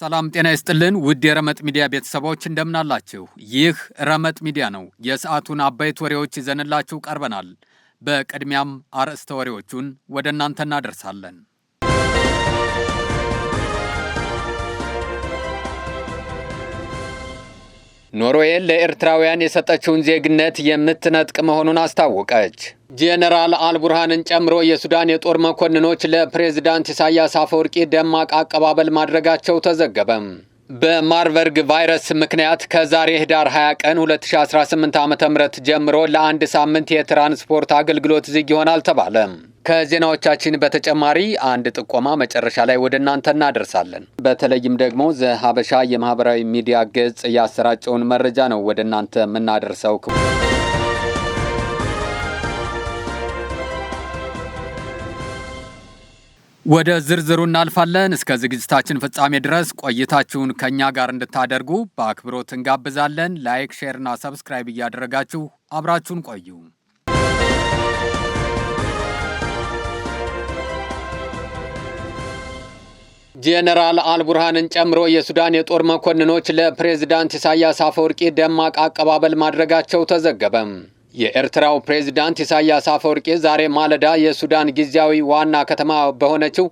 ሰላም ጤና ይስጥልን ውድ የረመጥ ሚዲያ ቤተሰቦች እንደምናላችሁ። ይህ ረመጥ ሚዲያ ነው። የሰዓቱን አበይት ወሬዎች ይዘንላችሁ ቀርበናል። በቅድሚያም አርዕስተ ወሬዎቹን ወደ እናንተ እናደርሳለን። ኖርዌይን ለኤርትራውያን የሰጠችውን ዜግነት የምትነጥቅ መሆኑን አስታወቀች። ጄኔራል አልቡርሃንን ጨምሮ የሱዳን የጦር መኮንኖች ለፕሬዝዳንት ኢሳያስ አፈወርቂ ደማቅ አቀባበል ማድረጋቸው ተዘገበም። በማርበርግ ቫይረስ ምክንያት ከዛሬ ህዳር 20 ቀን 2018 ዓ.ም ጀምሮ ለአንድ ሳምንት የትራንስፖርት አገልግሎት ዝግ ይሆናል ተባለ። ከዜናዎቻችን በተጨማሪ አንድ ጥቆማ መጨረሻ ላይ ወደ እናንተ እናደርሳለን። በተለይም ደግሞ ዘሀበሻ የማህበራዊ ሚዲያ ገጽ ያሰራጨውን መረጃ ነው ወደ እናንተ የምናደርሰው። ወደ ዝርዝሩ እናልፋለን። እስከ ዝግጅታችን ፍጻሜ ድረስ ቆይታችሁን ከእኛ ጋር እንድታደርጉ በአክብሮት እንጋብዛለን። ላይክ፣ ሼርና ሰብስክራይብ እያደረጋችሁ አብራችሁን ቆዩ። ጄኔራል አልቡርሃንን ጨምሮ የሱዳን የጦር መኮንኖች ለፕሬዝዳንት ኢሳያስ አፈወርቂ ደማቅ አቀባበል ማድረጋቸው ተዘገበም። የኤርትራው ፕሬዝዳንት ኢሳያስ አፈወርቂ ዛሬ ማለዳ የሱዳን ጊዜያዊ ዋና ከተማ በሆነችው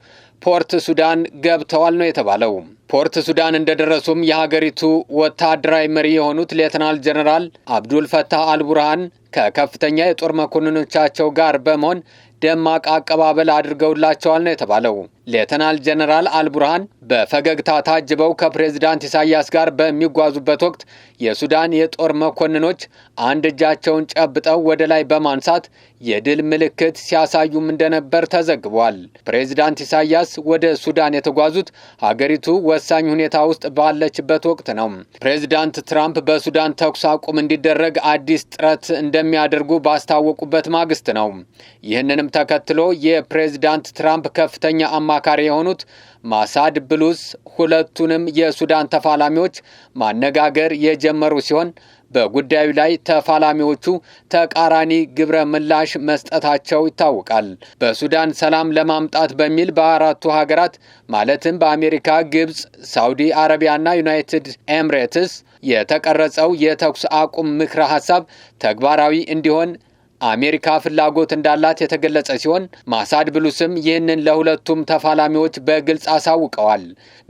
ፖርት ሱዳን ገብተዋል ነው የተባለው። ፖርት ሱዳን እንደደረሱም የሀገሪቱ ወታደራዊ መሪ የሆኑት ሌተናል ጀነራል አብዱል ፈታህ አልቡርሃን ከከፍተኛ የጦር መኮንኖቻቸው ጋር በመሆን ደማቅ አቀባበል አድርገውላቸዋል ነው የተባለው። ሌተናል ጀነራል አልቡርሃን በፈገግታ ታጅበው ከፕሬዝዳንት ኢሳያስ ጋር በሚጓዙበት ወቅት የሱዳን የጦር መኮንኖች አንድ እጃቸውን ጨብጠው ወደ ላይ በማንሳት የድል ምልክት ሲያሳዩም እንደነበር ተዘግቧል። ፕሬዚዳንት ኢሳያስ ወደ ሱዳን የተጓዙት ሀገሪቱ ወሳኝ ሁኔታ ውስጥ ባለችበት ወቅት ነው። ፕሬዚዳንት ትራምፕ በሱዳን ተኩስ አቁም እንዲደረግ አዲስ ጥረት እንደሚያደርጉ ባስታወቁበት ማግስት ነው። ይህንንም ተከትሎ የፕሬዚዳንት ትራምፕ ከፍተኛ አማካሪ የሆኑት ማሳድ ብሉስ ሁለቱንም የሱዳን ተፋላሚዎች ማነጋገር የጀመሩ ሲሆን በጉዳዩ ላይ ተፋላሚዎቹ ተቃራኒ ግብረ ምላሽ መስጠታቸው ይታወቃል። በሱዳን ሰላም ለማምጣት በሚል በአራቱ ሀገራት ማለትም በአሜሪካ፣ ግብፅ፣ ሳውዲ አረቢያና ዩናይትድ ኤምሬትስ የተቀረጸው የተኩስ አቁም ምክረ ሀሳብ ተግባራዊ እንዲሆን አሜሪካ ፍላጎት እንዳላት የተገለጸ ሲሆን ማሳድ ብሉስም ይህንን ለሁለቱም ተፋላሚዎች በግልጽ አሳውቀዋል።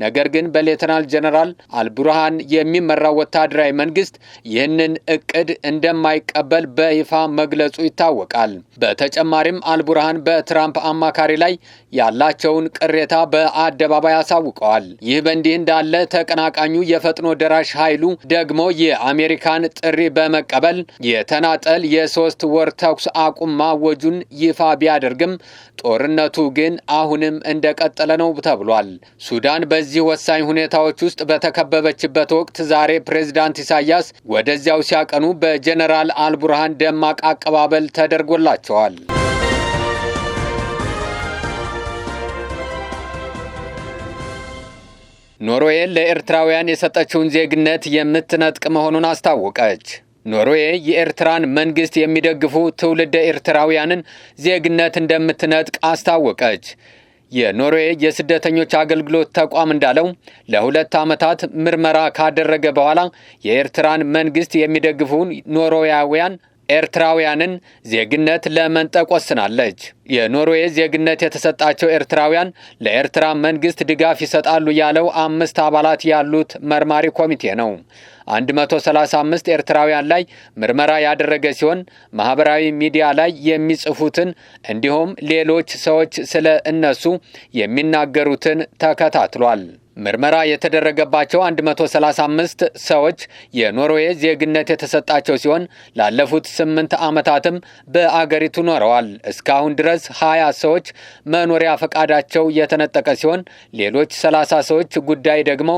ነገር ግን በሌተናል ጀነራል አልቡርሃን የሚመራው ወታደራዊ መንግስት ይህንን እቅድ እንደማይቀበል በይፋ መግለጹ ይታወቃል። በተጨማሪም አልቡርሃን በትራምፕ አማካሪ ላይ ያላቸውን ቅሬታ በአደባባይ አሳውቀዋል። ይህ በእንዲህ እንዳለ ተቀናቃኙ የፈጥኖ ደራሽ ኃይሉ ደግሞ የአሜሪካን ጥሪ በመቀበል የተናጠል የሶስት ወር ተኩስ አቁም ማወጁን ይፋ ቢያደርግም ጦርነቱ ግን አሁንም እንደቀጠለ ነው ተብሏል። ሱዳን በዚህ ወሳኝ ሁኔታዎች ውስጥ በተከበበችበት ወቅት ዛሬ ፕሬዝዳንት ኢሳያስ ወደዚያው ሲያቀኑ በጀነራል አልቡርሃን ደማቅ አቀባበል ተደርጎላቸዋል። ኖርዌይ ለኤርትራውያን የሰጠችውን ዜግነት የምትነጥቅ መሆኑን አስታወቀች። ኖርዌይ የኤርትራን መንግስት የሚደግፉ ትውልደ ኤርትራውያንን ዜግነት እንደምትነጥቅ አስታወቀች። የኖርዌይ የስደተኞች አገልግሎት ተቋም እንዳለው ለሁለት ዓመታት ምርመራ ካደረገ በኋላ የኤርትራን መንግስት የሚደግፉን ኖርዌያውያን ኤርትራውያንን ዜግነት ለመንጠቅ ወስናለች። የኖርዌይ ዜግነት የተሰጣቸው ኤርትራውያን ለኤርትራ መንግስት ድጋፍ ይሰጣሉ ያለው አምስት አባላት ያሉት መርማሪ ኮሚቴ ነው። 135 ኤርትራውያን ላይ ምርመራ ያደረገ ሲሆን ማህበራዊ ሚዲያ ላይ የሚጽፉትን እንዲሁም ሌሎች ሰዎች ስለ እነሱ የሚናገሩትን ተከታትሏል። ምርመራ የተደረገባቸው 135 ሰዎች የኖርዌይ ዜግነት የተሰጣቸው ሲሆን ላለፉት ስምንት ዓመታትም በአገሪቱ ኖረዋል። እስካሁን ድረስ 20 ሰዎች መኖሪያ ፈቃዳቸው የተነጠቀ ሲሆን ሌሎች 30 ሰዎች ጉዳይ ደግሞ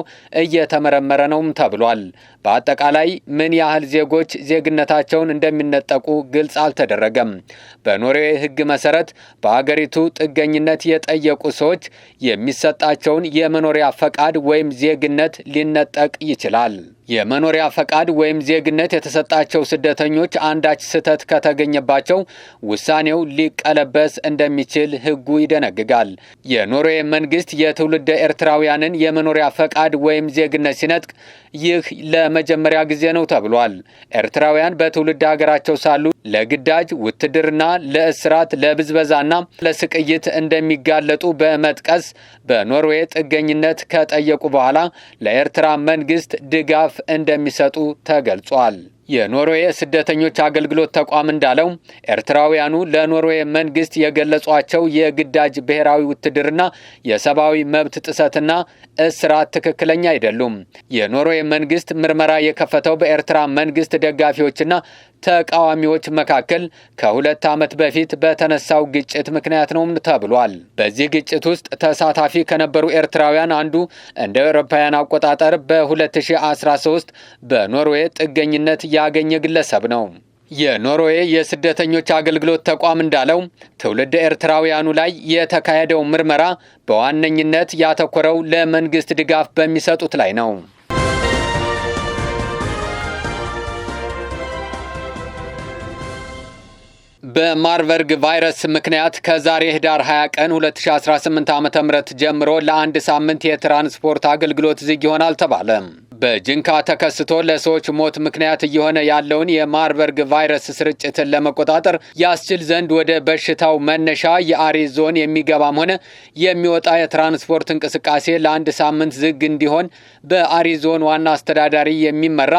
እየተመረመረ ነውም ተብሏል። በአጠቃላይ ምን ያህል ዜጎች ዜግነታቸውን እንደሚነጠቁ ግልጽ አልተደረገም። በኖርዌይ ሕግ መሰረት በአገሪቱ ጥገኝነት የጠየቁ ሰዎች የሚሰጣቸውን የመኖሪያ ፈቃድ ወይም ዜግነት ሊነጠቅ ይችላል። የመኖሪያ ፈቃድ ወይም ዜግነት የተሰጣቸው ስደተኞች አንዳች ስህተት ከተገኘባቸው ውሳኔው ሊቀለበስ እንደሚችል ሕጉ ይደነግጋል። የኖርዌይ መንግስት የትውልደ ኤርትራውያንን የመኖሪያ ፈቃድ ወይም ዜግነት ሲነጥቅ ይህ ለመጀመሪያ ጊዜ ነው ተብሏል። ኤርትራውያን በትውልድ ሀገራቸው ሳሉ ለግዳጅ ውትድርና፣ ለእስራት፣ ለብዝበዛና ለስቅይት እንደሚጋለጡ በመጥቀስ በኖርዌይ ጥገኝነት ከጠየቁ በኋላ ለኤርትራ መንግስት ድጋፍ ድጋፍ እንደሚሰጡ ተገልጿል። የኖርዌይ ስደተኞች አገልግሎት ተቋም እንዳለው ኤርትራውያኑ ለኖርዌይ መንግስት የገለጿቸው የግዳጅ ብሔራዊ ውትድርና የሰብአዊ መብት ጥሰትና እስራት ትክክለኛ አይደሉም። የኖርዌይ መንግስት ምርመራ የከፈተው በኤርትራ መንግስት ደጋፊዎችና ተቃዋሚዎች መካከል ከሁለት ዓመት በፊት በተነሳው ግጭት ምክንያት ነውም ተብሏል። በዚህ ግጭት ውስጥ ተሳታፊ ከነበሩ ኤርትራውያን አንዱ እንደ አውሮፓውያን አቆጣጠር በ2013 በኖርዌይ ጥገኝነት ያገኘ ግለሰብ ነው። የኖርዌ የስደተኞች አገልግሎት ተቋም እንዳለው ትውልድ ኤርትራውያኑ ላይ የተካሄደው ምርመራ በዋነኝነት ያተኮረው ለመንግስት ድጋፍ በሚሰጡት ላይ ነው። በማርበርግ ቫይረስ ምክንያት ከዛሬ ህዳር 20 ቀን 2018 .ም ጀምሮ ለአንድ ሳምንት የትራንስፖርት አገልግሎት ዝግ ይሆናል ተባለ። በጅንካ ተከስቶ ለሰዎች ሞት ምክንያት እየሆነ ያለውን የማርበርግ ቫይረስ ስርጭትን ለመቆጣጠር ያስችል ዘንድ ወደ በሽታው መነሻ የአሪ ዞን የሚገባም ሆነ የሚወጣ የትራንስፖርት እንቅስቃሴ ለአንድ ሳምንት ዝግ እንዲሆን በአሪ ዞን ዋና አስተዳዳሪ የሚመራ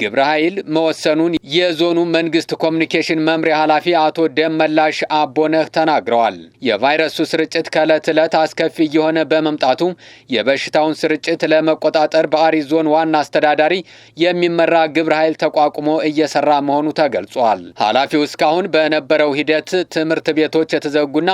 ግብረ ኃይል መወሰኑን የዞኑ መንግስት ኮሚኒኬሽን መምሪያ ኃላፊ አቶ ደመላሽ አቦነህ ተናግረዋል። የቫይረሱ ስርጭት ከዕለት ዕለት አስከፊ እየሆነ በመምጣቱ የበሽታውን ስርጭት ለመቆጣጠር በአሪ ዞን ዋና አስተዳዳሪ የሚመራ ግብረ ኃይል ተቋቁሞ እየሰራ መሆኑ ተገልጿል። ኃላፊው እስካሁን በነበረው ሂደት ትምህርት ቤቶች የተዘጉና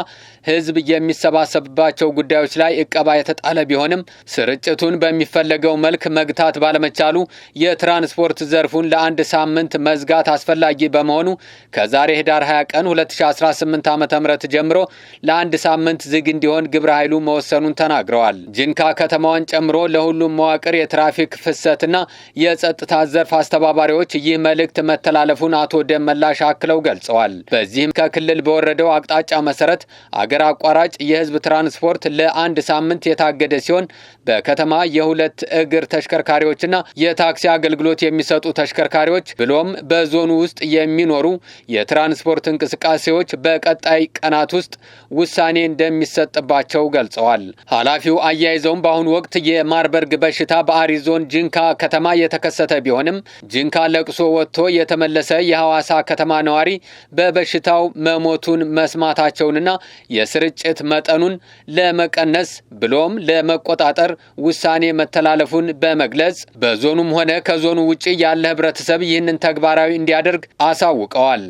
ህዝብ የሚሰባሰብባቸው ጉዳዮች ላይ እቀባ የተጣለ ቢሆንም ስርጭቱን በሚፈለገው መልክ መግታት ባለመቻሉ የትራንስፖርት ዘርፉን ለአንድ ሳምንት መዝጋት አስፈላጊ በመሆኑ ከዛሬ ህዳር 20 ቀን 2018 ዓ ም ጀምሮ ለአንድ ሳምንት ዝግ እንዲሆን ግብረ ኃይሉ መወሰኑን ተናግረዋል። ጅንካ ከተማዋን ጨምሮ ለሁሉም መዋቅር የትራፊክ ፍሰትና የጸጥታ ዘርፍ አስተባባሪዎች ይህ መልእክት መተላለፉን አቶ ደመላሽ አክለው ገልጸዋል። በዚህም ከክልል በወረደው አቅጣጫ መሰረት አገር አቋራጭ የህዝብ ትራንስፖርት ለአንድ ሳምንት የታገደ ሲሆን በከተማ የሁለት እግር ተሽከርካሪዎችና የታክሲ አገልግሎት የሚሰጡ የሚመጡ ተሽከርካሪዎች ብሎም በዞኑ ውስጥ የሚኖሩ የትራንስፖርት እንቅስቃሴዎች በቀጣይ ቀናት ውስጥ ውሳኔ እንደሚሰጥባቸው ገልጸዋል። ኃላፊው አያይዘውም በአሁኑ ወቅት የማርበርግ በሽታ በአሪዞን ጅንካ ከተማ የተከሰተ ቢሆንም ጅንካ ለቅሶ ወጥቶ የተመለሰ የሐዋሳ ከተማ ነዋሪ በበሽታው መሞቱን መስማታቸውንና የስርጭት መጠኑን ለመቀነስ ብሎም ለመቆጣጠር ውሳኔ መተላለፉን በመግለጽ በዞኑም ሆነ ከዞኑ ውጭ ያ ያለ ህብረተሰብ ይህንን ተግባራዊ እንዲያደርግ አሳውቀዋል።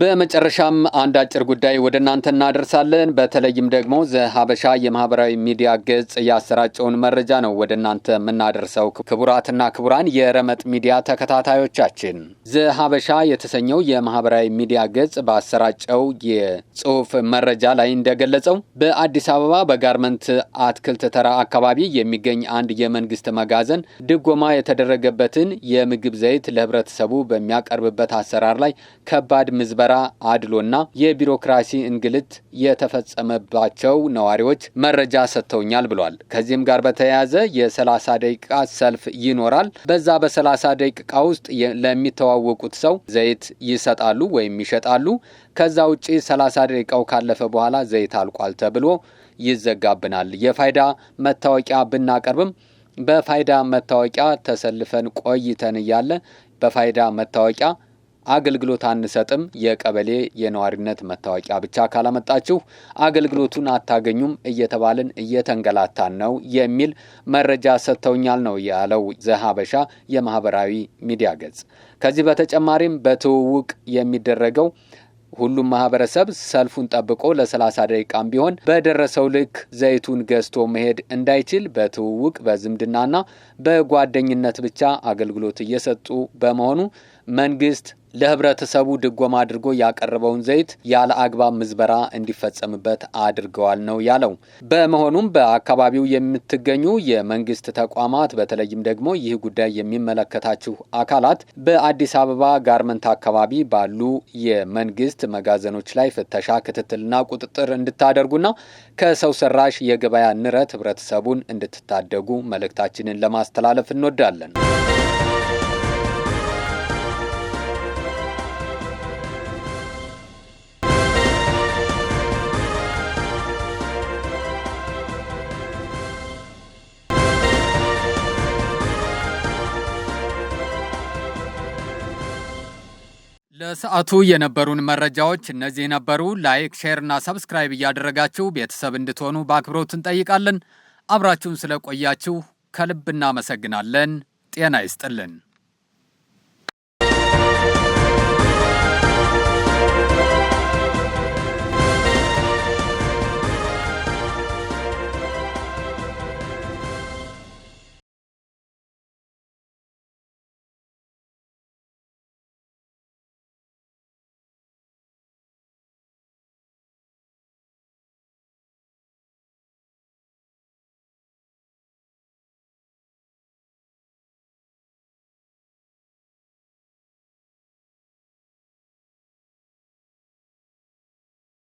በመጨረሻም አንድ አጭር ጉዳይ ወደ እናንተ እናደርሳለን። በተለይም ደግሞ ዘሀበሻ የማህበራዊ ሚዲያ ገጽ ያሰራጨውን መረጃ ነው ወደ እናንተ የምናደርሰው። ክቡራትና ክቡራን የረመጥ ሚዲያ ተከታታዮቻችን ዘሀበሻ የተሰኘው የማህበራዊ ሚዲያ ገጽ ባሰራጨው የጽሁፍ መረጃ ላይ እንደገለጸው በአዲስ አበባ በጋርመንት አትክልት ተራ አካባቢ የሚገኝ አንድ የመንግስት መጋዘን ድጎማ የተደረገበትን የምግብ ዘይት ለህብረተሰቡ በሚያቀርብበት አሰራር ላይ ከባድ ምዝበ ምዝበራ፣ አድሎና የቢሮክራሲ እንግልት የተፈጸመባቸው ነዋሪዎች መረጃ ሰጥተውኛል ብሏል። ከዚህም ጋር በተያያዘ የ30 ደቂቃ ሰልፍ ይኖራል። በዛ በ30 ደቂቃ ውስጥ ለሚተዋወቁት ሰው ዘይት ይሰጣሉ ወይም ይሸጣሉ። ከዛ ውጪ 30 ደቂቃው ካለፈ በኋላ ዘይት አልቋል ተብሎ ይዘጋብናል። የፋይዳ መታወቂያ ብናቀርብም በፋይዳ መታወቂያ ተሰልፈን ቆይተን እያለ በፋይዳ መታወቂያ አገልግሎት አንሰጥም፣ የቀበሌ የነዋሪነት መታወቂያ ብቻ ካላመጣችሁ አገልግሎቱን አታገኙም እየተባልን እየተንገላታን ነው የሚል መረጃ ሰጥተውኛል ነው ያለው ዘሀበሻ የማህበራዊ ሚዲያ ገጽ። ከዚህ በተጨማሪም በትውውቅ የሚደረገው ሁሉም ማህበረሰብ ሰልፉን ጠብቆ ለሰላሳ ደቂቃም ቢሆን በደረሰው ልክ ዘይቱን ገዝቶ መሄድ እንዳይችል በትውውቅ በዝምድናና በጓደኝነት ብቻ አገልግሎት እየሰጡ በመሆኑ መንግስት ለህብረተሰቡ ድጎማ አድርጎ ያቀረበውን ዘይት ያለ አግባብ ምዝበራ እንዲፈጸምበት አድርገዋል ነው ያለው። በመሆኑም በአካባቢው የምትገኙ የመንግስት ተቋማት በተለይም ደግሞ ይህ ጉዳይ የሚመለከታችሁ አካላት በአዲስ አበባ ጋርመንት አካባቢ ባሉ የመንግስት መጋዘኖች ላይ ፍተሻ፣ ክትትልና ቁጥጥር እንድታደርጉና ከሰው ሰራሽ የገበያ ንረት ህብረተሰቡን እንድትታደጉ መልእክታችንን ለማስተላለፍ እንወዳለን። ለሰዓቱ የነበሩን መረጃዎች እነዚህ ነበሩ። ላይክ፣ ሼር እና ሰብስክራይብ እያደረጋችሁ ቤተሰብ እንድትሆኑ በአክብሮት እንጠይቃለን። አብራችሁን ስለቆያችሁ ከልብ እናመሰግናለን። ጤና ይስጥልን።